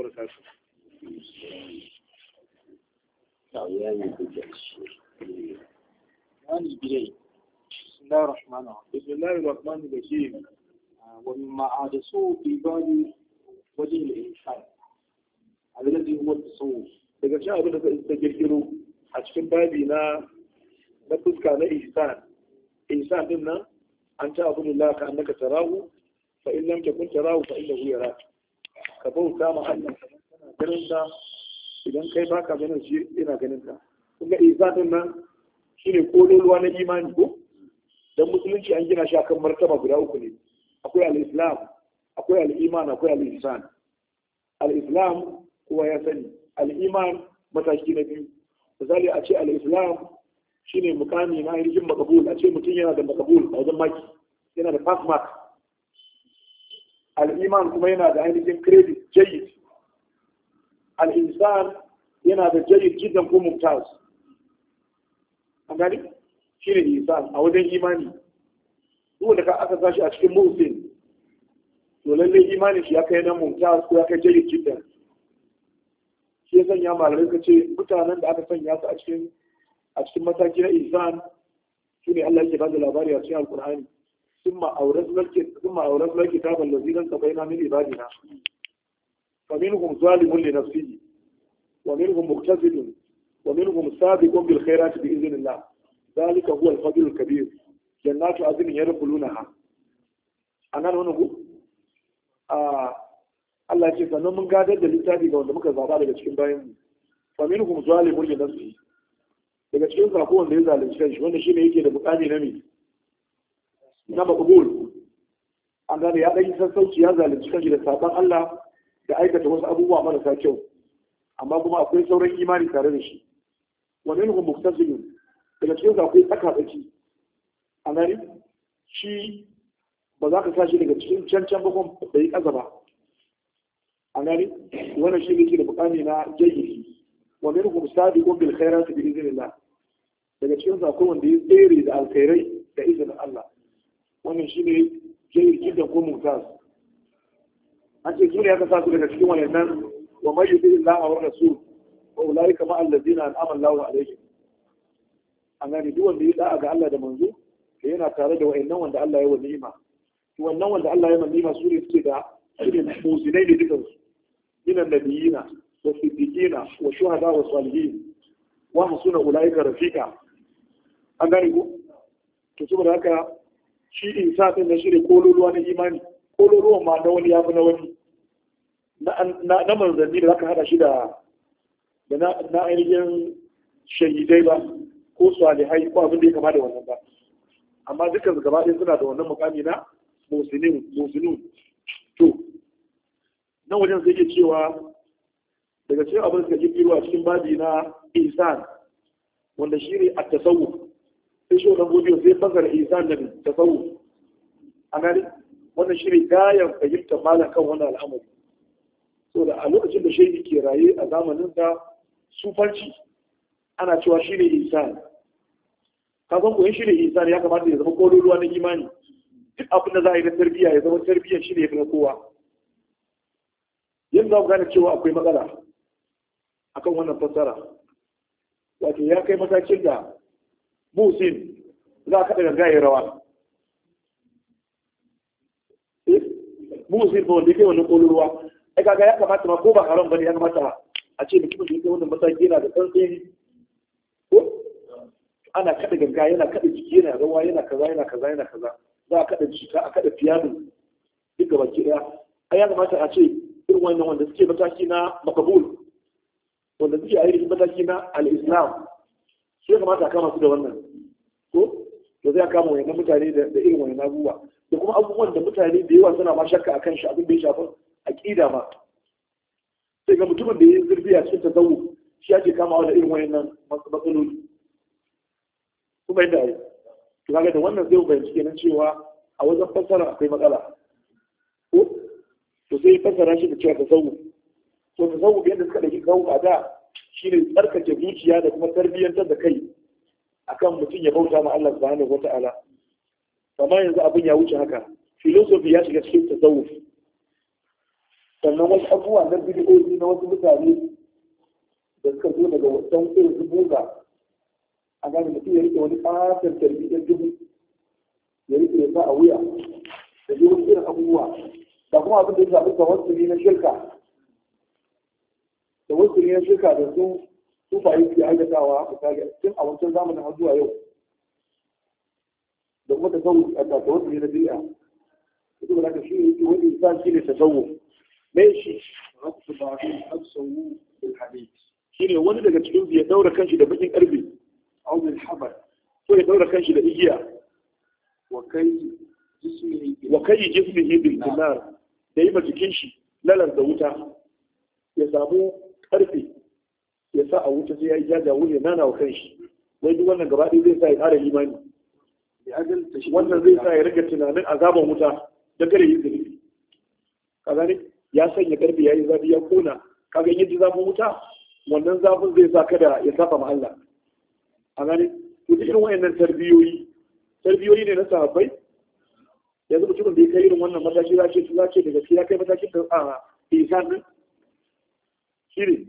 وبركاته بسم الله الرحمن الرحيم بسم الله الرحمن الرحيم ومما عادسوه في بال وجه الإنسان الذي هو التصوف daga sha abin da ta girgiro a cikin babi na na fuska na ihsan ihsan din nan an ta abu lillahi ka annaka tarahu fa in lam takun tarahu fa innahu yaraka ka bauta ma Allah kana ganin ta idan kai ba ka ganin shi yana ganin ta kun ga nan shine kololuwa na imani ko dan musulunci an gina shi akan martaba guda uku ne akwai al-islam akwai al-iman akwai al-ihsan al-islam kowa ya sani al-iman mataki na biyu misali a ce al-islam shine mukami na yarjin makabul a ce mutum yana da makabul a wajen maki yana da pass mark al'iman kuma yana da ainihin kredit, jayid al'insan yana da jayid gidan ko mumtaz an gani shi ne insan a wajen imani duk da ka aka sashi a cikin muhsin to lallai imanin shi ya kai na mumtaz ko ya kai jayid gidan shi ya sanya malamai ka ce mutanen da aka sanya su a cikin mataki na insan shi ne Allah yake ba da labari a cikin alkur'ani ثم أورثنا ثم أورثنا الكتاب الذين انتقينا من عبادنا فمنهم ظالم لنفسه ومنهم مقتصد ومنهم سابق بالخيرات بإذن الله ذلك هو الفضل الكبير جنات عظيم يدخلونها أنا هنا Allah ya ce sannan mun gadar da littafi ga wanda muka zaba daga cikin bayan mu fa minhum zalimun li nafsi daga cikin zako wanda ya zalunci shi wanda shine yake da bukami na me na maqbul an ga ya san sauki ya zalunci kanshi da sabon Allah da aikata wasu abubuwa marasa kyau amma kuma akwai sauran imani tare da shi wa minhum muktasilun daga cikin su akwai tsaka tsaki an ga shi ba za ka tashi daga cikin cancan bakon da yi ƙasa ba a wannan shi ne ke da bukami na jayyiri wa minhum hum sabiqun bil khairati bi idhnillah daga cikin akwai wanda ya tsere da alkhairai da izinin Allah wannan shi ne yi jidda ko mumtaz an ce duniya ka sasu daga cikin wannan wa mai yubi a wa su wa ulai kama allazina an'ama a alaihim an gani duk wanda ya da'a ga Allah da manzo da yana tare da wayannan wanda Allah ya wa ni'ima to wannan wanda Allah ya wa ni'ima su ne suke da shirin ne musulmai ne dukan su minan da wa siddiqina wa shuhada wa salihin wa hasuna ulai ka rafika. an gani ku. to saboda haka shi isa din da shine kololuwa na imani kololuwa ma na wani ya fi na wani na manzanni da zaka hada shi da na ainihin shahidai ba ko salihai ko abin da ya kama da wannan ba amma dukkan gaba ɗaya suna da wannan mukami na musulun to Na wajen sai ke cewa daga cikin abin da ke a cikin babi na isan wanda shi ne a tasawuf sai na wannan zai bazar izan isan da tasawu a gani wannan shi ne gayan fahimtar malam kan wannan al'amari so da a lokacin da shehi ke raye a zamanin da sufanci ana cewa shi ne izan ka san koyon shi ne izan ya kamata ya zama kololuwa na imani duk abin da za a yi na tarbiyya ya zama tarbiyyar shi ne ya fi na kowa yanzu za mu gane cewa akwai matsala akan wannan fassara wato ya kai matakin da musin za a kaɗa ganga ya rawa eh, musin ba wanda ya kai wannan ƙololuwa ai kaga ya kamata ma ko ba haram bane ya kamata a ce mutumin da ya wannan mataki yana da tsantsi ko ana kada ganga yana kada jiki yana rawa yana kaza yana kaza yana kaza za a kada jika a kada fiyano duk gaba ki ɗaya ai ya kamata a ce irin wannan wanda suke mataki na makabul wanda suke a irin mataki na al-islam Shi ya kamata a kama su da wannan ko to zai kama wayannan mutane da irin wayannan abubuwa da kuma abubuwan da mutane da yawa suna ma shakka akan shi abin da ya shafi aqida ma sai ga mutumin da ya yi zurfi a cikin tazawu shi ake kama da irin wayannan matsaloli kuma yadda ai to kaga da wannan zai bayyana kenan cewa a wajen fassara akwai matsala ko to sai fassara shi da cewa tazawu to tazawu yadda suka ɗauki tazawu a da Shi ne tsarkake zuciya da kuma tarbiyyantar da kai akan mutum ya bauta ma Allah subhanahu wata'ala amma yanzu abin ya wuce haka filosofi ya shiga cikin tasawuf sannan wasu abubuwa na bidiyoyi na wasu mutane da suka zo daga wasan irin buga a gane mutum ya rike wani ƙasar tarbiyyar dubu ya rike ya sa a wuya da yi wasu irin abubuwa da kuma abin da ya wasu ne na shirka da wasu ne shirka da su sufayi ke aikatawa misali tun a abincin zamanin har zuwa yau da kuma tasawu a tasawu ne na biya duk da haka shi ne wani insan shi ne tasawu me shi rabu ba shi tasawu bil hadith shi ne wani daga cikin ya daura kanshi da bakin karfi a wani habar ko ya daura kanshi da igiya wa kai jismihi wa kai jismihi bil nar da yi ma jikin shi lalar da wuta ya samu karfe ya sa a wuce sai ya yi jaja wuce nana wa kanshi wai duk wannan gaba zai sa ya ƙara limani wannan zai sa ya rage tunanin azaban wuta da gare yin zunubi kaga ne ya sanya karfe ya yi zafi ya kona kaga yin zafin wuta wannan zafin zai sa kada ya saba ma Allah a gane wayannan tarbiyoyi tarbiyoyi ne na sahabbai yanzu mutumin da ya kai irin wannan mataki za ce za ce daga ya kai matakin da a ihsan shi ne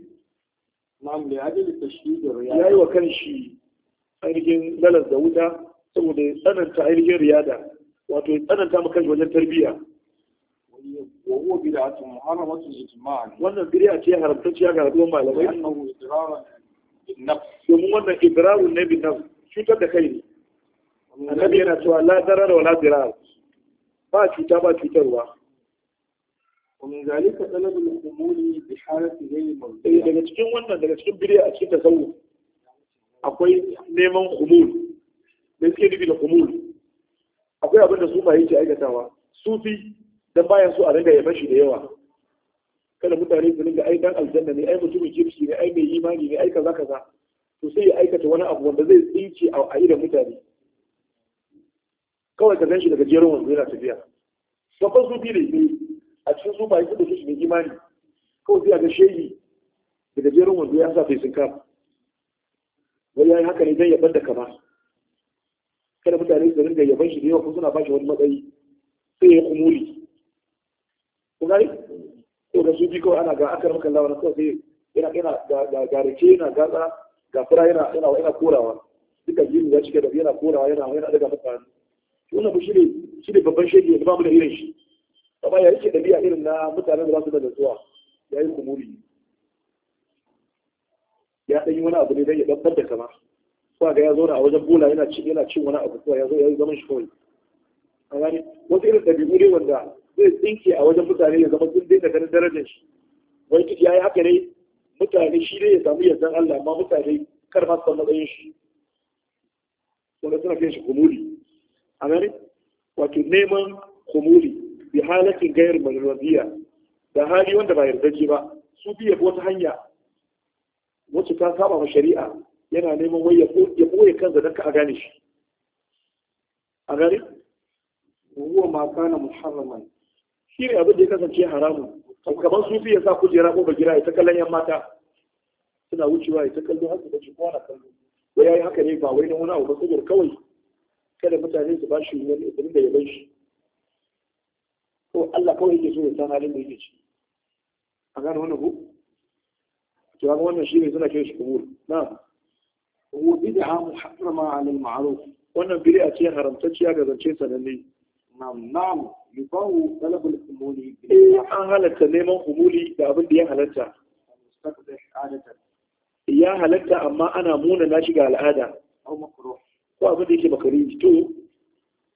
ma'am da shi da riya ya yi wa kanshi ainihin lalar da wuta saboda ya tsananta ainihin riyada wato ya tsananta maka shi wajen tarbiyya wa huwa bid'atun muharramatun ijma'an wannan bid'a ce haramtacciya ga rabon malamai annahu domin wannan idrarun ne bin nafs cutar da kai ne annabi yana cewa la darara wa la dirar ba cuta ba cutarwa ومن ذلك طلب الأمور بحالة غير موضوع إيه daga cikin wannan daga cikin bid'a a cikin tasawuf akwai neman khumul da suke nufi da khumul akwai abin da sufaye ke aikatawa sufi dan bayan su a riga yaban shi da yawa kada mutane su ringa ai dan aljanna ne ai mutumin kirki ne ai mai imani ne ai kaza kaza to sai ya aikata wani abu wanda zai tsince a idan mutane kawai ka ganshi daga jerin wanzu yana tafiya babban sufi ne a cikin su bai kudu shi ne imani ko sai a ga shehi da gajeren wanda ya sa fesin kaf wai yayin haka ne dan ya banda kama kada mutane su ringa yaban shi da yawa ko suna ba shi wani matsayi sai ya kumuli ko gari ko da su biko kawai ana ga akar maka lawa na ko sai yana yana ga ga rake yana gaza ga fura yana yana yana korawa duka jini ya cike da yana korawa yana yana daga mutane wannan ba shi ne shi ne babban shege da ba mu da irin shi amma ya yake ɗabi'a irin na mutanen da ba su da nutsuwa ya yi kumuri ya ɗan yi wani abu ne don ya ɗabbar da kama ko ga ya zauna a wajen bula yana cin yana cin wani abu kuma ya zo ya yi zaman shi kawai a gani wasu irin ɗabi'u ne wanda zai tsinke a wajen mutane ya zama sun daina ganin darajar shi wani duk ya yi haka ne mutane shi ne ya samu yardan Allah amma mutane kar ma su san matsayin shi wanda suna kai shi kumuri a gani wato neman kumuri bi halatin gayar marrabiya da hali wanda ba yardaje ba su bi yabo wata hanya wacce ta saba ma shari'a yana neman wai ya boye kansa don ka a gane shi a gane huwa ma kana muharraman shi ne abin da ya kasance haramun kamar sufi ya sa kujera ko bagira ya ta kallon yan mata suna wucewa ya ta kallon haka da kowa na kallon Ya yi haka ne ba wai na wani abu ba saboda kawai kada mutane su ba shi wani abin da ya bai shi ko Allah kawai yake so ya san halin da yake ci a gane wani ku to ga wannan shi ne suna kiran shi kubur na wa bid'a muharrama 'ala al-ma'ruf wannan bid'a ce haramtacciya ga zance sananne nam nam yubahu talab al-humuli eh, an halatta neman humuli da abin da ya halatta ya halatta amma ana muna na shiga al'ada ko abin da yake bakari to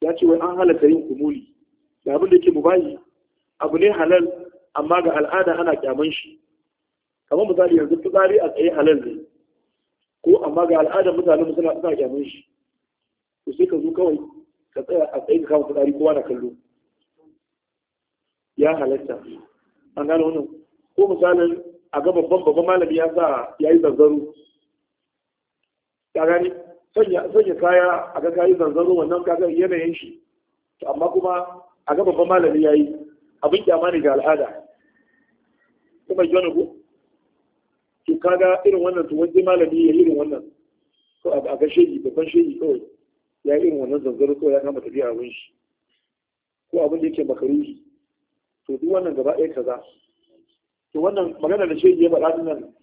ya ce wai an halatta yin humuli da abin da yake mubayi abu ne halal amma ga al'ada ana kyaman shi kamar misali yanzu fitsari a tsaye halal ne ko amma ga al'ada mutane suna suna kyaman shi to sai ka zo kawai ka tsaya a tsaye ka kama fitsari kowa na kallo ya halatta an gane wannan ko misalin a ga babban babban malami ya sa ya yi zanzaro ka gani sanya kaya a ga kayi zanzaro wannan kaga yanayin shi amma kuma a ga babban malami ya yi abin kyama ne ga al'ada kuma yi wani ku to kaga irin wannan to wajen malami ya yi irin wannan ko a ga shehi babban shehi kawai ya yi irin wannan zanzaro kawai ya kama tafiya wani shi ko abin da yake makaruhi to duk wannan gaba ɗaya kaza to wannan magana da shehi ya faɗa nan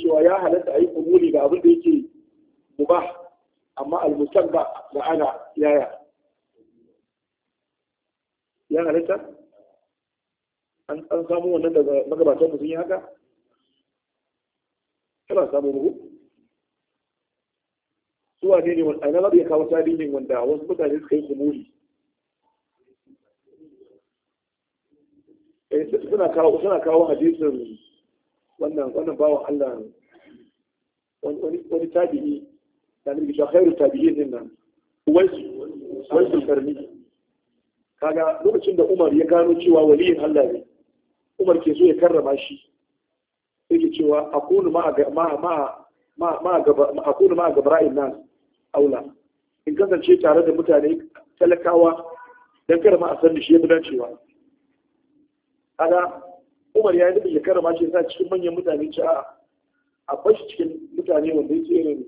cewa ya halatta a yi kumuli ga abin da yake mubah amma al-mustaqba da ana yaya ya halitta an samu wannan daga magabatan sun yi haka kana samu ruhu suwa ne ne wanda ana ya kawo tarihin wanda wasu mutane suka yi kumuri eh, suna kawo suna kawo hadisin wannan wannan bawan Allah wani wani tabi'i da nabi shi khairu tabi'in nan waisu waisu karni. kaga lokacin da Umar ya gano cewa waliyin Allah ne Umar ke zo ya karrama shi yake cewa akunu ma ma ma ma ma akunu ma aula in kasance tare da mutane talakawa dan karama a san shi ya fi dacewa kaga Umar ya yi ya karrama shi sa cikin manyan mutane ci a a bashi cikin mutane wanda yake irin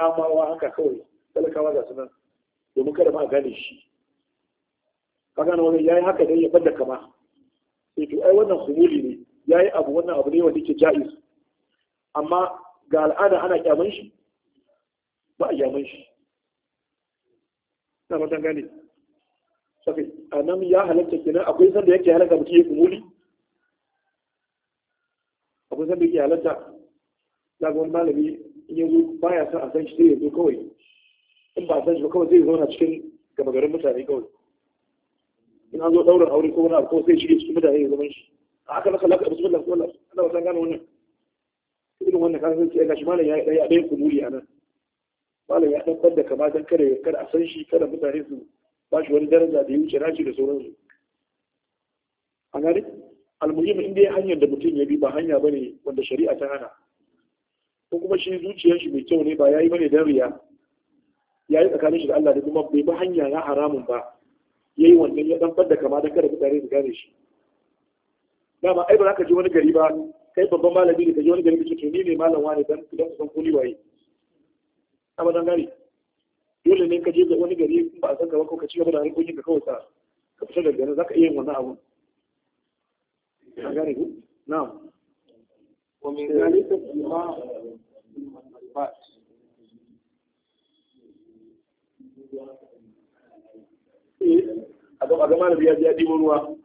amawa haka kawai talakawa ga sunan domin kada ma gane shi kaga gane wannan yayi haka dai ya fadda kama sai eh, to ai wannan humuli ne yayi abu wannan abu ne wanda yake jaiz amma ga al'ada ana kyaman shi ba a kyaman shi na matan gane safi a ya halatta kenan akwai sanda yake halaka mutum ya humuli akwai sanda yake halatta zagon malami in yanzu baya son a san shi sai ya zo kawai in ba san shi ba kawai zai zauna cikin gama garin mutane kawai in an zo ɗaurin aure ko wani abu ko sai shige cikin mutane ya zaman shi a haka na kallaka da bismillah Allah ana wasan gane wannan irin wannan kan sun ce ga shi malam ya yi ɗaya dai kuburi a nan malam ya ɗan da kama don kada kar a san shi kada mutane su ba shi wani daraja da ya wuce naci da sauransu a gari almuhim in dai hanyar da mutum ya bi ba hanya bane wanda shari'a ta hana ko kuma shi zuciyar shi mai kyau ne ba yayi bane dariya riya yayi tsakanin shi da Allah da kuma bai bi hanya na haramun ba ya yi wannan ya ɗanfar da kama don kada mutane su gane shi dama ai ba za ka je wani gari ba kai babban malami ne ka je wani gari ka ce to ni ne malam wani dan idan ku san kuli waye amma dan gari dole ne ka je ga wani gari ba a san ka ba ko ka ci gaba da harkokin ka kawai ka ka fita daga nan za ka iya yin wannan abun an gane ku na'am ومن ذلك الجماع في المنصبات a ga zama da biya biya ɗibo ruwa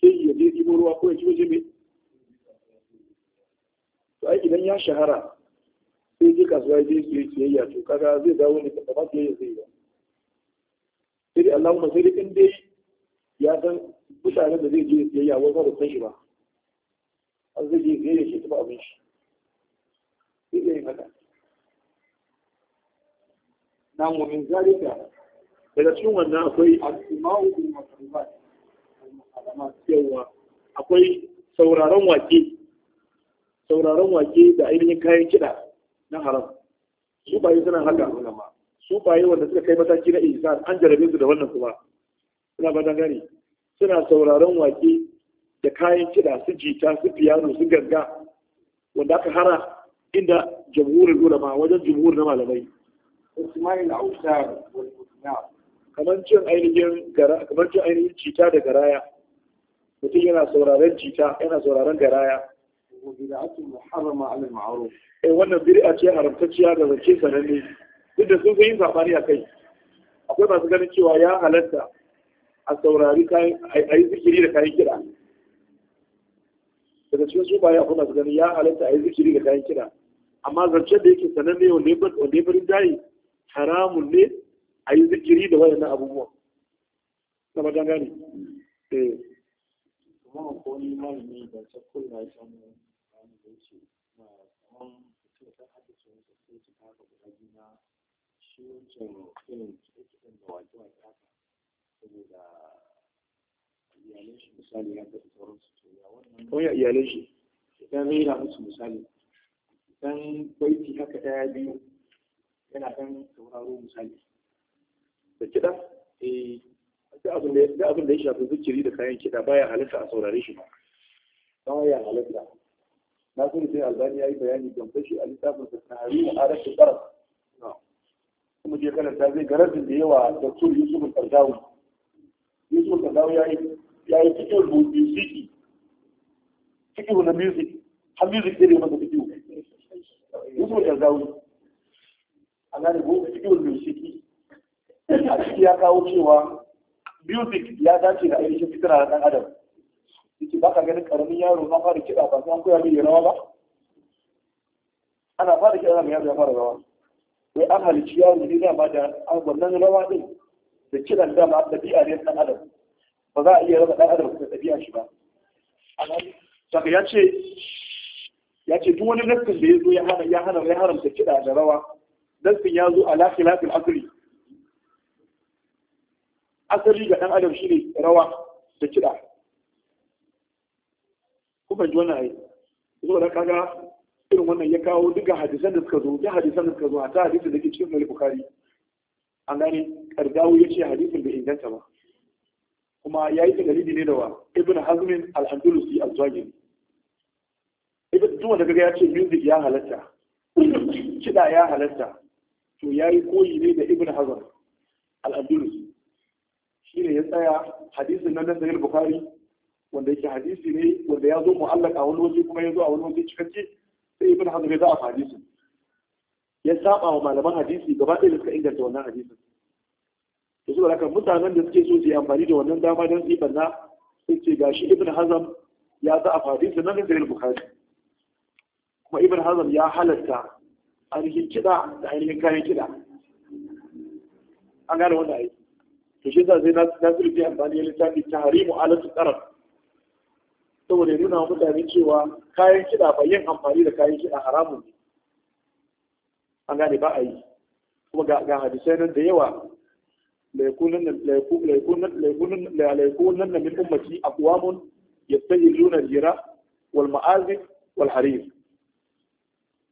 sai ya je ɗibo ruwa ko ya ci waje to ai idan ya shahara sai je kasuwa ya je su yi siyayya to kaga zai dawo ne ba ma siyayya zai ba. sai dai Allahumma sai dai in dai ya san mutanen da zai je siyayya wai ba ba san shi ba an zai je siyayya shi tafi abin shi sai dai haka na mu min zalika daga cikin wannan akwai al-imau bil al'umma yawa akwai sauraron wake sauraron wake da ainihin kayan kiɗa na haram su baye suna haka su baye wanda suka kai mataki na ihsan an jarabe su da wannan kuma suna ba gani. suna sauraron wake da kayan kiɗa su jita su fiyano su ganga wanda aka hara inda jamhurin ulama wajen jamhurin na malamai Usman al-Ausar wal-Mutnaf kamar cin ainihin cita da garaya mutum yana sauraron cita yana sauraron garaya wa bid'atu muharrama a eh, wannan bid'a ce haramtacciya da zance sananne duk da sun yin zafani a kai akwai masu ganin cewa ya halatta a saurari kayan a yi zikiri da kayan kira daga cikin su baya akwai masu ganin ya halatta a yi zikiri da kayan kira amma zancen da yake sananne wanda ya bari dayi haramun ne a yi zikiri da wayannan abubuwa. na wajen gane eh kuma ko ni malami da ta kula ya samu wani da yake na kaman da ta hada su ne sai ta kaga guda biyu na shi wancan irin kiɗin da wajen wajen haka saboda iyalai shi misali ya ta sauran su to ya wannan ko ya iyalai shi idan rera musu misali idan baiti haka daya biyu yana kan sauraro misali da kiɗa eh da abin da ya shafi zikiri da kayan kiɗa baya halitta a saurare shi ba baya halitta na so sai albani ya yi bayani don fashi a littafin sa na hari a rashin ƙarar kuma je karanta zai garabin da yawa da tur yusuf al-qardawi yusuf al-qardawi ya yi ya yi cikin musiki cikin na music har music ɗaya masa cikin yusuf al-qardawi a nan ko cikin musiki ciki ya kawo cewa music ya dace da ainihin fitira na ɗan adam yake ba ka ganin ƙaramin yaro na fara kiɗa ba san koya mai rawa ba ana fara kiɗa mai yaro ya fara rawa wai an halici yaro ne ba da an wannan rawa ɗin da kiɗan dama ɗabi'a ne ɗan adam ba za a iya raba ɗan adam da ɗabi'a shi ba saka ya ce ya ce duk wani nassin da ya zo ya hana ya haramta kiɗa da rawa nassin ya zo a lafi lafi asiri asali ga ɗan adam shi ne rawa da kiɗa kuma ji wannan aiki, zo da kaga irin wannan ya kawo duka hadisan da suka zo da hadisan da suka zo a ta hadisin da ke cikin mai bukari an gane kardawu ya ce hadisin da inganta ba kuma ya yi dalili ne da wa ibn hazmin al-andalusi al-zahiri ibn duk da kaga ya ce music ya halatta kiɗa ya halatta to ya yi koyi ne da ibn hazm al-andalusi shi ne ya tsaya hadisin nan na sahih bukhari wanda yake hadisi ne wanda ya zo mu'allaka wani waje kuma ya zo a wani waje cikakke sai ibn hazm ya za'a hadisin ya saba wa malaman hadisi gaba ɗaya da suka inganta wannan hadisin to saboda haka mutanen da suke so su yi amfani da wannan dama don su yi banna sai ce gashi ibn hazm ya za'a hadisin nan na sahih bukhari kuma ibn hazm ya halatta ainihin kiɗa da ainihin kayan kiɗa an gane wannan aiki to shi za sai nasiru ji amfani ya littafi ta harimu alatu tsarar saboda ya nuna wa mutane cewa kayan kiɗa ba yin amfani da kayan kiɗa haramun ne an gane ba a yi kuma ga hadisai nan da yawa laikunan na min ummati aqwamun yastahiluna al-jira wal ma'azif wal harir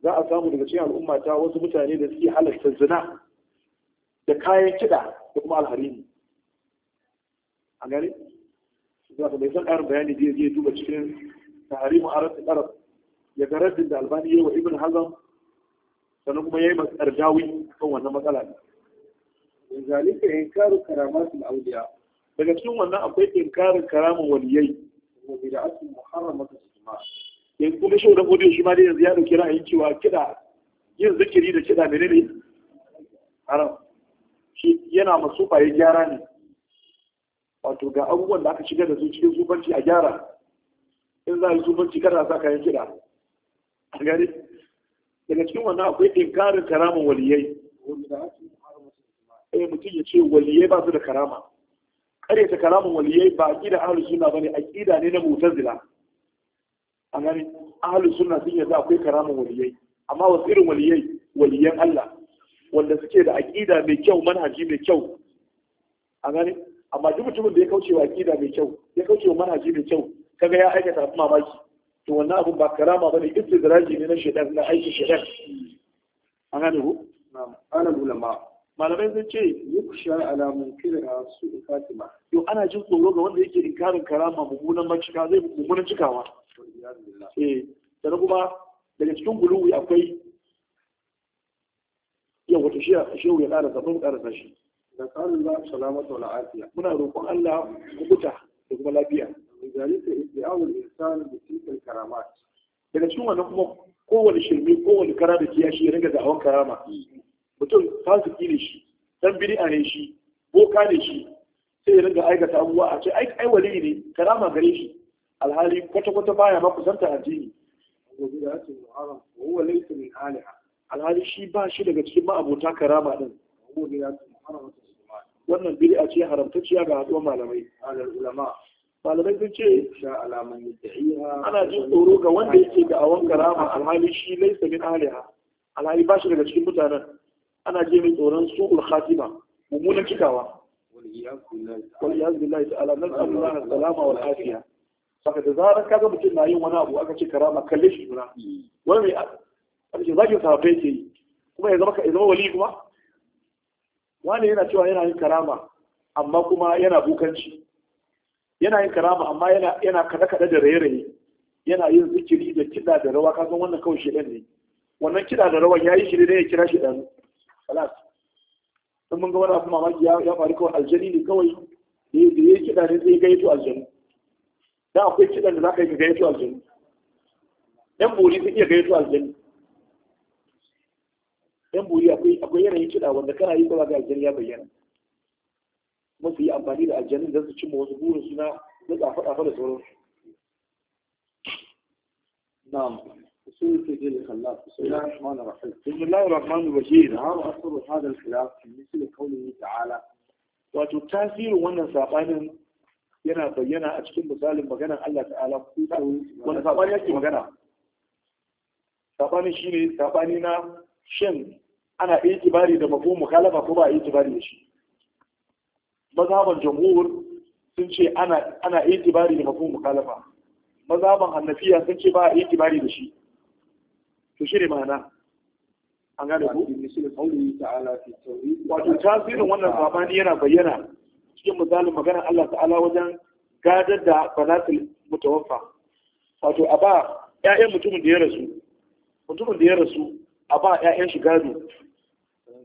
za a samu daga cikin al'ummata wasu mutane da suke halarta zina da kayan kiɗa da kuma alharimi a gari za ka bai san ƙarin bayani da ya duba cikin taharimu arab arab ya ga raddin da albani yayi wa ibn hazm sannan kuma yayi masar dawi kan wannan matsala ne in zalika inkaru karamatul awliya daga cikin wannan akwai inkarin karamin waliyai wa bid'atul ta ijma yanzu kuma shi da godiyo shi ma dai yanzu ya dauki ra'ayin cewa kida yin zikiri da kida menene haram shi yana masufa ya gyara ne wato ga abubuwan da aka shigar da su cikin zubanci a gyara in za a yi kar kada sa kayan kiɗa a gari daga cikin wannan akwai inkarin karama waliyai eh mutum ya ce waliyai ba su da karama ta karama waliyai ba a ahlus sunna suna ba ne ne na zina. a gani ahlus suna sun yarda akwai karama waliyai amma wasu irin waliyai waliyan Allah wanda suke da aƙida mai kyau manhaji mai kyau a gani amma duk mutumin da ya kauce wa aqida mai kyau ya kauce wa manhaji mai kyau kaga ya aikata abin mamaki to wannan abun ba karama bane istidraji ne na shedan na aikin shedan an gane ku na'am ana ulama malamai sun ce alamun ala munkira su fatima to ana jin tsoro ga wanda yake inkarin karama mummunan macika zai mummunan cikawa eh sannan kuma daga cikin guluwi akwai yau wata shi ya ƙara zafin ƙara shi da ƙarullah salamatu wal Asiya muna roƙon Allah kubuta da kuma lafiya zalika ibti'awul insan bi tilkal karamat daga cikin wannan kuma kowane shirme kowane kara da kiyashi ya ringa da'awan karama mutum fasiki ne shi dan a ne shi boka ne shi sai ya ringa aikata abubuwa a ce ai ai wali ne karama gare shi alhali kwata kwata baya ma kusanta addini wa alhali shi ba shi daga cikin ma'abota karama din wannan bid'a ce haramtacciya ga haɗuwar malamai alal ulama malamai sun ce ana jin tsoro ga wanda yake da awon karama alhali shi laisa min aliha alhali ba shi daga cikin mutanen ana je mai tsoron su'ul khatima mummunan cikawa wal iyaz billahi ta'ala nan Allah salama wal afiya saka da zarar kaga mutum na yin wani abu aka ce karama kalle shi guna hmm. wani mai aka ce zagin sahabbai ke yi kuma ya zama wali kuma wani yana cewa yana yin karama amma kuma yana bukanci yana yin karama amma yana kada kada da raye-raye yana yin zikiri da kida da rawa kasan wannan kawai shedan ne wannan kida da ya yi shi ne ya kira shedan salas in mun ga wani abu mamaki ya faru kawai aljani ne kawai da ya kida ne zai gaito aljani. da akwai kiɗan da za ka yi ka gaito aljani. yan bori sun iya gaito aljani. yan buri akwai yanayin kiɗa wanda kana yi kuma ga aljanni ya bayyana kuma su yi amfani da aljanni don su cimma wasu burin suna na tsafa-tsafa da sauransu نعم أصول في دين الخلاف بسم الله الرحمن الرحيم بسم الله الرحمن الرحيم نعم أصل هذا الخلاف مثل قوله ta'ala. wato tasirin wannan sabanin yana bayyana a cikin misalin maganar Allah ta'ala wanda sabani yake magana sabani shine sabani na shin ana itibari da mafi mukhalafa ko ba itibari da shi mazhaban jamhur sun ce ana ana itibari da mafi mukhalafa mazhaban hannafiya sun ce ba itibari da shi to shi ne ma'ana an gane ku wato tasirin wannan sabani yana bayyana cikin misalin magana Allah ta'ala wajen gadar da banatul mutawaffa wato a ba 'ya'yan mutumin da ya rasu mutumin da ya rasu a ba ƴaƴan shi gado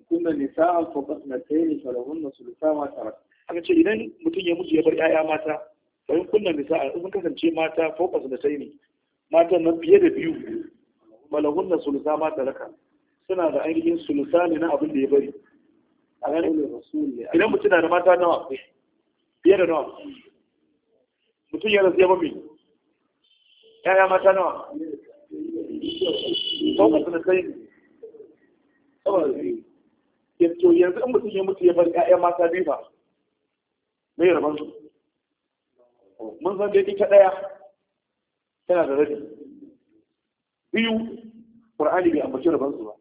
kunna nisa'an fa basnatayn na thulutha ma tarak aka ce idan mutum ya mutu ya bar 'ya'ya mata fa in kunna nisa'an sun kasance mata fa ne. matan nan fiye da biyu na sulusa ma raka. suna da ainihin sulusa ne na abin da ya bari a ganin idan mutum na da mata nawa fiye da nawa mutum ya rasu ya bami. yaya mata nawa ko ka ne. to yanzu in mutum ya mutu ya bar ƴaƴan mata biyu ba mai rabon su mun san dai ita ɗaya tana da rabi biyu qur'ani bai ambaci rabon su ba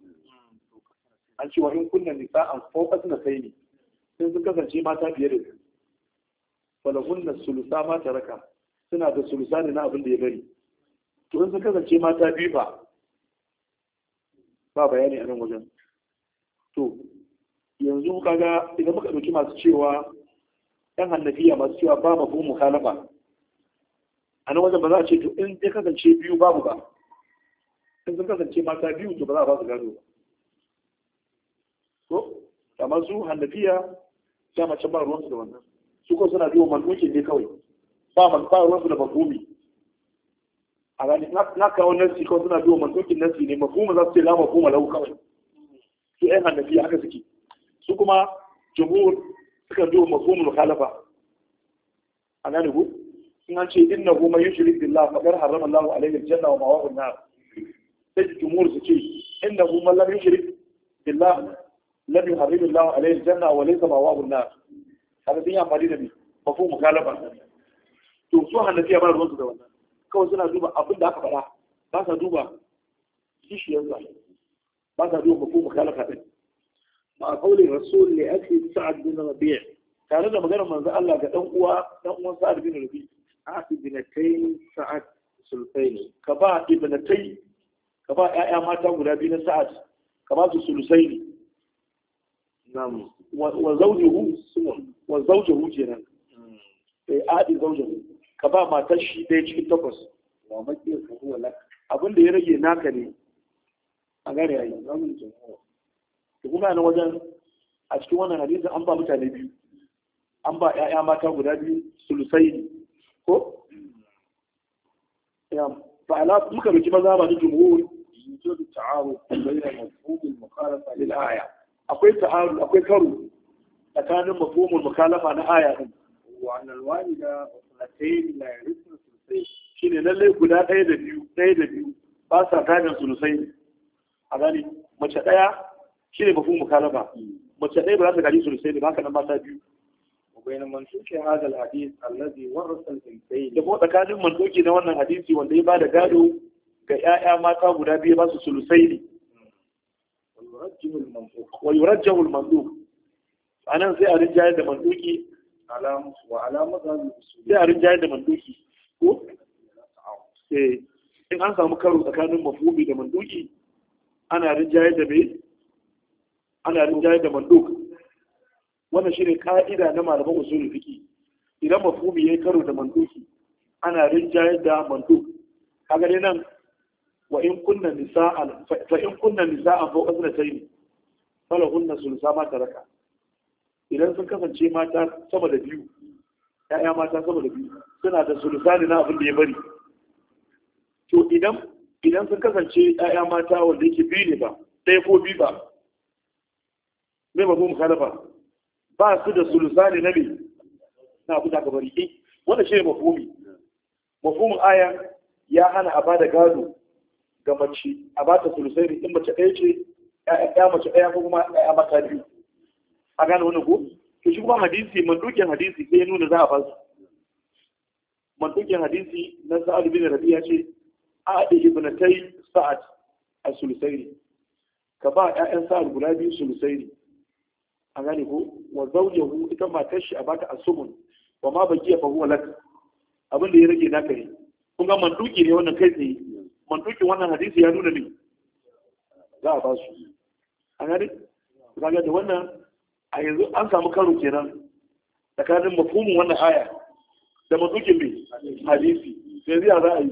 an cewa in kunna nisa'an fawqa sunatayni sun sun kasance mata biyar da biyu falahunna sulusa ma taraka suna da sulusa ne na abin da ya bari to in sun kasance mata biyu ba ba bayani a nan wajen to yanzu kaga idan muka ɗauki masu cewa ɗan hannafiya masu cewa ba mafi mukhalafa a nan wajen ba za a ce to in ya kasance biyu babu ba in sun kasance mata biyu to ba za a ba su gado ba To amma su hannafiya ya mace ba ruwansu da wannan su ko suna biyo mandukin ne kawai ba man ba ruwansu da mafumi a gani na kawo nasi ko suna biyo mandukin nasi ne mafumi za su ce la mafuma lau kawai su ɗan hannafi haka suke su kuma jumhur suka zo mafhumul khalafa a gane ku in an ce innahu man yushrik billah faqad harrama Allahu a al-janna wa ma'wahu an sai jumhur su ce inna goma lam yushrik billah lam yuharrim Allahu alayhi al-janna wa laysa ma'wahu an-nar haka sun yi amfani da ni mafhumul mukhalafa to su hannafiya ba ruwansu da wannan kawai suna duba abin da aka faɗa ba sa duba kishiyar zalimi ba sa biyan mafi mukalaka din ma kaulin rasul li akhi sa'ad bin rabi' tare da maganar manzo Allah ga dan uwa dan uwan sa'ad bin rabi' ati binatayn sa'ad ne. ka ba ibnatai ka ba ƴaƴa mata guda biyu na sa'ad ka ba su sulusaini nam wa zawjuhu sumun wa zawjuhu kenan eh adi zawjuhu ka ba matar shi ɗaya cikin takwas wa makiyar ka huwa lak abin da ya rage naka ne a gane yayi zamun jumhur to kuma nan wajen a cikin wannan hadisin an ba mutane biyu an ba 'ya'ya mata guda biyu sulusai ko ya fa ala muka riki maza ba da jumhur yujud ta'aruf bayna mafhum al-mukhalafa lil aya akwai ta'aruf akwai karu tsakanin mafhumul mukhalafa na aya din wa annal walida wasnatayn la yarisu sulusai shine lalle guda ɗaya da biyu ɗaya da biyu ba sa gadon sulusai a gane mace ɗaya shi ne mafi ba mace ɗaya ba za ta su sosai ne ba haka nan mata biyu وبين منسوخ هذا الحديث الذي ورث الانثيين da kuma tsakanin mantoki na wannan hadisi wanda ya bada gado ga 'ya'ya mata guda biyu ba su sulusai ne wa yurajjahu al-manduk anan sai a rinjaye da mandoki alamu wa alamu sai a rinjaye da mantoki. ko eh. in an samu karo tsakanin mafubi da mantoki. ana rinjaye da me ana rinjaye da manduk wannan shine ka'ida na malaman usulul fiqi idan mafhumi yayi karo da manduki ana rinjaye da manduk kaga dai nan wa in kunna nisa'an fa in kunna nisa'an fa uznatayn falahunna sulsa ma taraka idan sun kasance mata sama da biyu ya'ya mata sama da biyu suna da sulsa ne na abin da ya bari to idan idan sun kasance ‘ya'ya mata wanda yake biyu ne ba ɗaya ko biyu ba mai babu mukhalafa ba su da sulusa ne na mai na abu da gabari eh, wanda shi ne mafumi mafumin aya ya hana a bada gado ga mace a ba ta ne in mace ɗaya ce 'ya'ya mace ɗaya ko kuma ya mata biyu a gane wani ko Ke shi kuma hadisi mandukin hadisi sai ya nuna za a ba su mandukin hadisi na Sa'adu bin rabi ya ce ibn ibnatai sa'ad a sulsairi. ka ba ƴaƴan sa'ad guda biyu sulsairi. an gane ko wa zawjahu ita matar shi a bata asumun wa ma baqiya fa huwa lak abin da ya rage naka ne kun ga manduki ne wannan kai tsaye mandukin wannan hadisi ya nuna ne za a ba su an gane ga da wannan a yanzu an samu karo kenan tsakanin mafhumin wannan aya da mandukin bi hadisi sai ya za a yi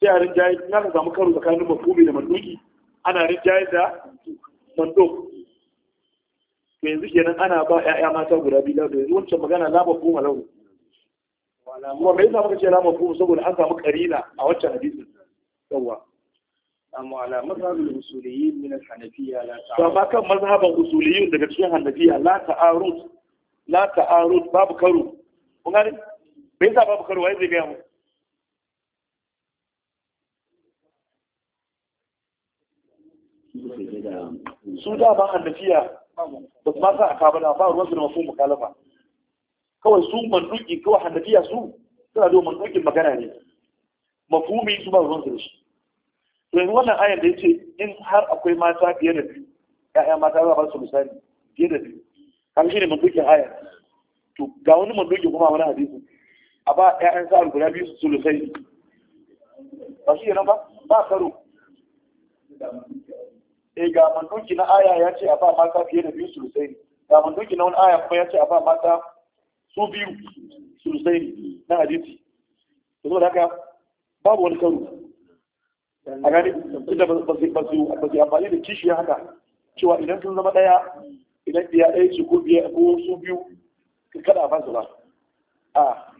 sai a rinjaye in aka samu karo tsakanin mafumi da manduki ana rinjaye da manduk to yanzu kenan ana ba 'ya'ya mata guda biyu da yanzu wancan magana la mafuma lahu kuma me yasa muka ce la mafuma saboda an samu karina a wancan hadisin yawwa amma ala mazhabul usuliyyin min al-hanafiyya la ta'arud ba kan mazhaban usuliyyin daga cikin hanafiyya la ta'arud la ta'arud babu karo kun gane me yasa babu karo wai zai ga mu su da ba annabiya ba su ma sa a kabala ba ruwan su da mafi mukalafa kawai su manduki kawai hannabiya su suna da mandukin magana ne mafumi su ba ruwan su da shi to yanzu wannan ayan da ya ce in har akwai mata fiye da biyu ya'ya mata za ba su misali fiye da biyu kan shi ne mandukin ayan to ga wani manduki kuma wani hadisi a ba ya'yan sa'ar guda biyu su sulusai ba shi ne nan ba ba karo eh ga manduki na aya ya ce a ba mata fiye da biyu sosai ga manduki na wani aya kuma ya ce a ba mata su biyu sosai na hadisi to saboda haka babu wani karo a gani inda ba su amfani da kishi haka cewa idan sun zama ɗaya idan biya daya ce ko biya ko su biyu kada a ba su ba a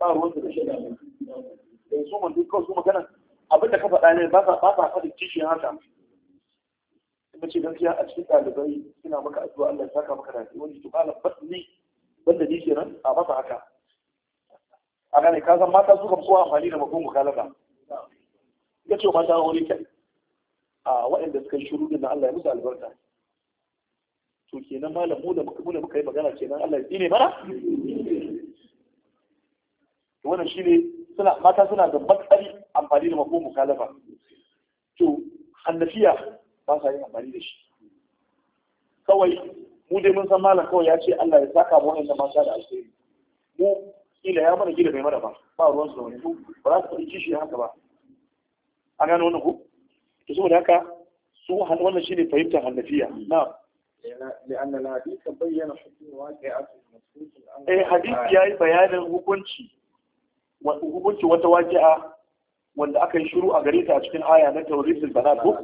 ba ruwan da shi da yanzu mun duk kawai su magana abin da ka faɗa ne ba sa ba sa faɗin kishin haka kuma ce gaskiya a cikin ɗalibai suna maka addu'a Allah ya saka maka rafi wani to kala batni banda ni kenan a ba masa haka a gane ka san mata su kan kowa amfani da mafhum mukalaba ya ce mata wani kai a waɗanda suka yi shuru din Allah ya musu albarka to kenan malam mu da muka yi magana kenan Allah ya tsine mana to wannan shine suna mata suna da matsari amfani da mafhum mukalafa to hannafiya ba sa yin amfani da shi kawai mu dai mun san malam kawai ya ce Allah ya saka mu wannan mata da alheri mu ila ya mana gida bai mana ba ba ruwan su da wani ba za su faɗi kishi haka ba an gano wani ku to saboda haka su wannan ne fahimtar hannafiya Na لأن الحديث بين حكم واقعة المسلوك إيه حديث جاي بيان الحكمشي hukunci wata waƙi'a wanda aka yi shiru a gare ta a cikin aya na tawrisul banat ko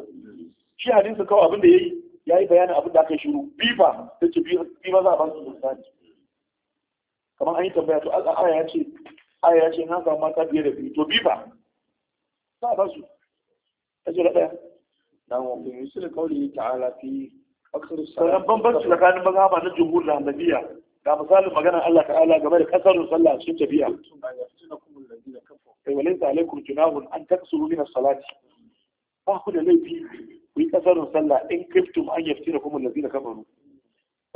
shi hadisin kawai abin da yayi yayi bayanin abin da aka yi shiru bifa tace bifa za a ba su misali kamar an yi tambaya to aya ya ce aya ya ce na samu mata biyar da biyu to bifa za a ba su ce da ɗaya dan wa bi misali kawai ta'ala fi akwai sanan bambanci tsakanin ba na jumhur da annabiya ga misalin magana Allah ta'ala game da kasar sallah cikin tafiya kai eh, walinta alaikum junahun an taksuru min as-salati ba ku da laifi ku yi kasar sallah in kiftum an yaftina kum allazina kafaru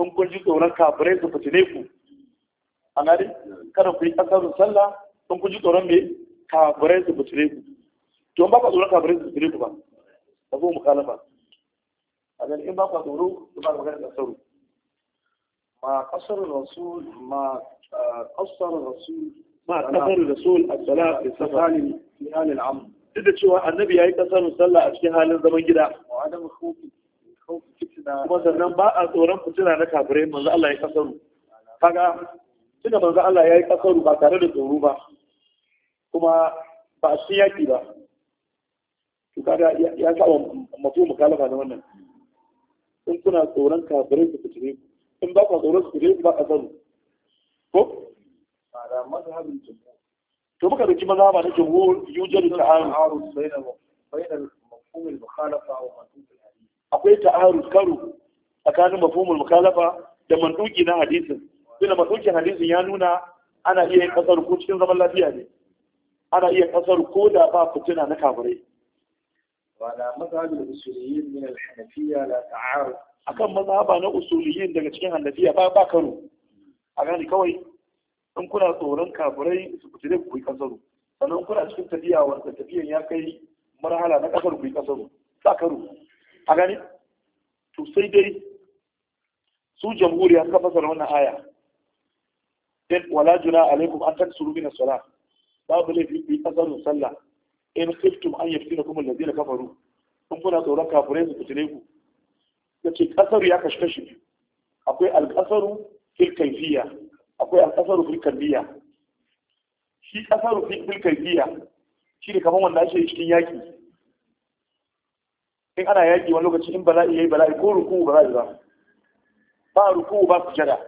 in kun ji tsoron kafirai su fitine ku a gari kada ku yi kasar sallah in kun ji tsoron me kafirai su fitine ku to ba ka tsoron kafirai su fitine ku ba abu mukhalafa a in ba ka tsoro ba ka magana kasarun قصر الرسول ما قصر الرسول ما قصر الرسول الصلاة في في da cewa annabi ya yi kasarun sallah a cikin halin zaman gida kuma sannan ba a tsoron fitina na kafirai manzo Allah tunda manzo Allah ya yi kasaru ba tare da tsoro ba kuma ba a cikin yaki ba to kaga ya sa mafi mukalafa da wannan in kuna tsoron kafirai su fitine ku in ba ka tsoron su ku ba a tsaro ko to muka dauki mazhaba na jumhur yujadu ta'arud bainal mafhum al-mukhalafa wa mantuq akwai ta'arud karu tsakanin mafumul mukhalafa da manduki na hadisin tunda mandukin hadisin ya nuna ana iya yin kasar ko cikin zaman lafiya ne ana iya kasar ko da ba fitina na kafirai wala mazhabul usuliyyin min al-hanafiyya la ta'arud akan mazhaba na usuliyin daga cikin hannafiya ba ba karo a gani kawai in kuna tsoron kafirai su fitile ku yi kasaru sannan kuna cikin tafiya wanda tafiyan ya kai marhala na kasar ku yi kasaru ba karo a gani to sai dai su jamhuriya suka fasara wannan aya in wala juna alaikum an taksuru min as-salah babu laifi ku yi kasarun sallah in khiftum an yaftinakum alladhina kafaru in kuna tsoron kafirai su fitile ku yace kasaru ya kashe-kashe, akwai alkasaru fil kaifiya akwai alkasaru fil kalbiya shi kasaru fil kaifiya shi ne kamar wanda ake cikin yaki in ana yaki wani lokaci in bala'i yayi bala'i ko ruku ba za ba ruku ba su jira.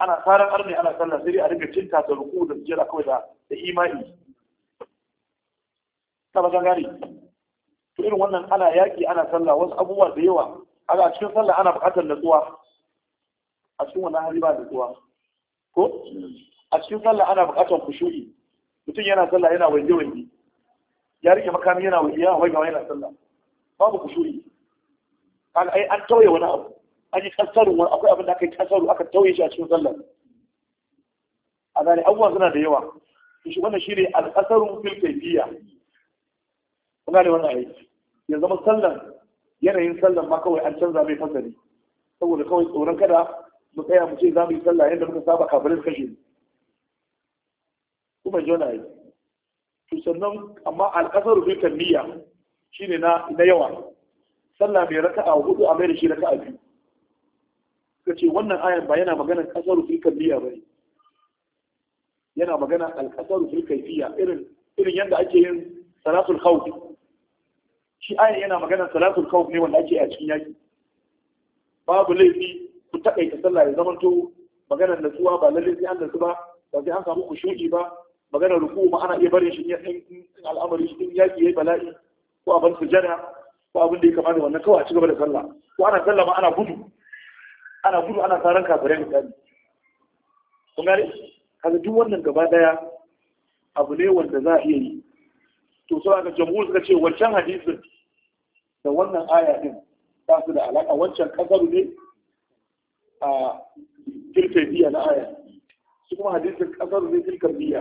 ana tsara arni ana sallah sai a riga cinta da ruku da jira kawai da imani ta ba gane to irin wannan ana yaƙi ana sallah wasu abubuwa da yawa a cikin sallah ana buƙatar natsuwa a cikin wannan hali ba da natsuwa ko a cikin sallah ana buƙatar kushuri mutum yana sallah yana wange wange ya rike makami yana wange yana wange yana sallah babu kushuri kaga ai an tauye wani abu an yi kasaru wani akwai abin da aka yi kasaru aka tauye shi a cikin sallah a gane abubuwa suna da yawa shi wannan shi ne alƙasarun fil kun gane wannan ayi ya zama sallan yanayin sallan ma kawai an canza mai fasali saboda kawai tsoron kada mu tsaya mu ce za mu yi sallah yadda muka saba kafirin kashe Kuma kuma jona yi to sannan amma alƙasar bi kamiyya shi ne na yawa sallah mai raka a hudu a mai da shi raka a biyu ka ce wannan ayan ba yana maganar ƙasar bi kamiyya ba ne yana magana alƙasar bi kamiyya irin irin yadda ake yin salatul khawf shi ayan yana magana salatul khawf ne wanda ake a cikin yaki babu laifi ku takaita sallah ya zamanto maganar nasuwa ba lalle sai an nasu ba ba sai an samu kushu'i ba maganar ruku ma ana iya barin shi in al'amari shi yaki yayi bala'i ko abin sujada ko abin da ya kamata wannan kawai a cigaba da sallah ko ana sallah ma ana gudu ana gudu ana tsaron kafirai tsari kun gane kaga duk wannan gaba daya abu ne wanda za a iya yi to sai aka jamhur suka ce wancan hadisin da wannan aya din ba su da alaka wancan kasaru ne a tilkabiya na aya su kuma hadisin kasaru ne tilkabiya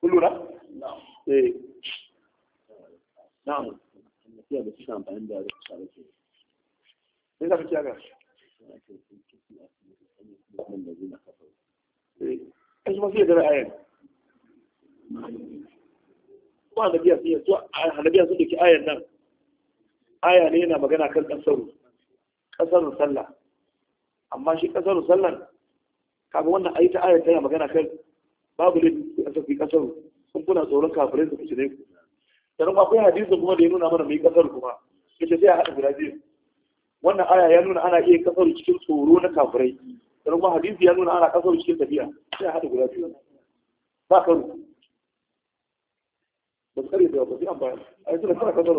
kun lura eh na'am da suka amfani da rubuta da da kiyaga eh da su hanabiya sun yanzu hanabiya sun doki ayan nan aya ne yana magana kan kasaru kasarun sallah amma shi kasarun Sallah kaga wannan ayi ta ayan tana magana kan babu ne a tafi kasaru sun kuna tsoron kafirai su fice ne ku sannan akwai hadisin kuma da ya nuna mana mai kasaru kuma yace sai a haɗa guda biyu wannan aya ya nuna ana iya kasaru cikin tsoro na kafirai sannan kuma hadisi ya nuna ana kasaru cikin tafiya sai a haɗa guda biyu ba karu ba kare da ba an bayar a yi suna kara kasar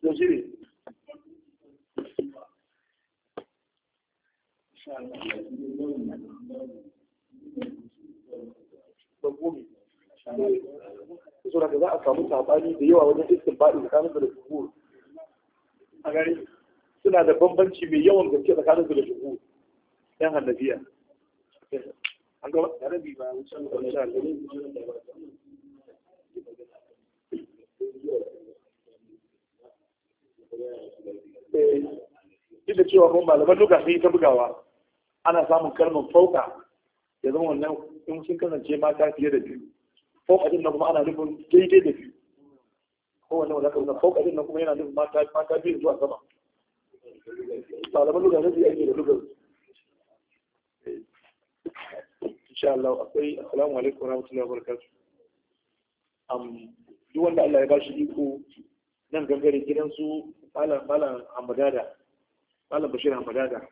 da shi ne za a samu sabani da yawa wajen iskin baɗi tsakanin da a gari suna da bambanci mai yawan gaske tsakanin da jumhur yan hannabiya an gaba da rabi ba wucin da wani eh da cewa kuma malaman duka sun ta bugawa ana samun kalmar fauka ya zama wannan in sun kasance mata fiye da biyu fauka din nan kuma ana nufin daidai da biyu kowanne wanda ka nuna fauka din nan kuma yana nufin mata mata biyu zuwa sama malaman duka sun yi aiki da duka insha Allah akwai assalamu alaikum wa rahmatullahi wa barakatuh am duk wanda Allah ya bashi iko nan gangare gidansu malam malam malam bashir hamadada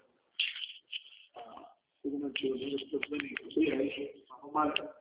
ne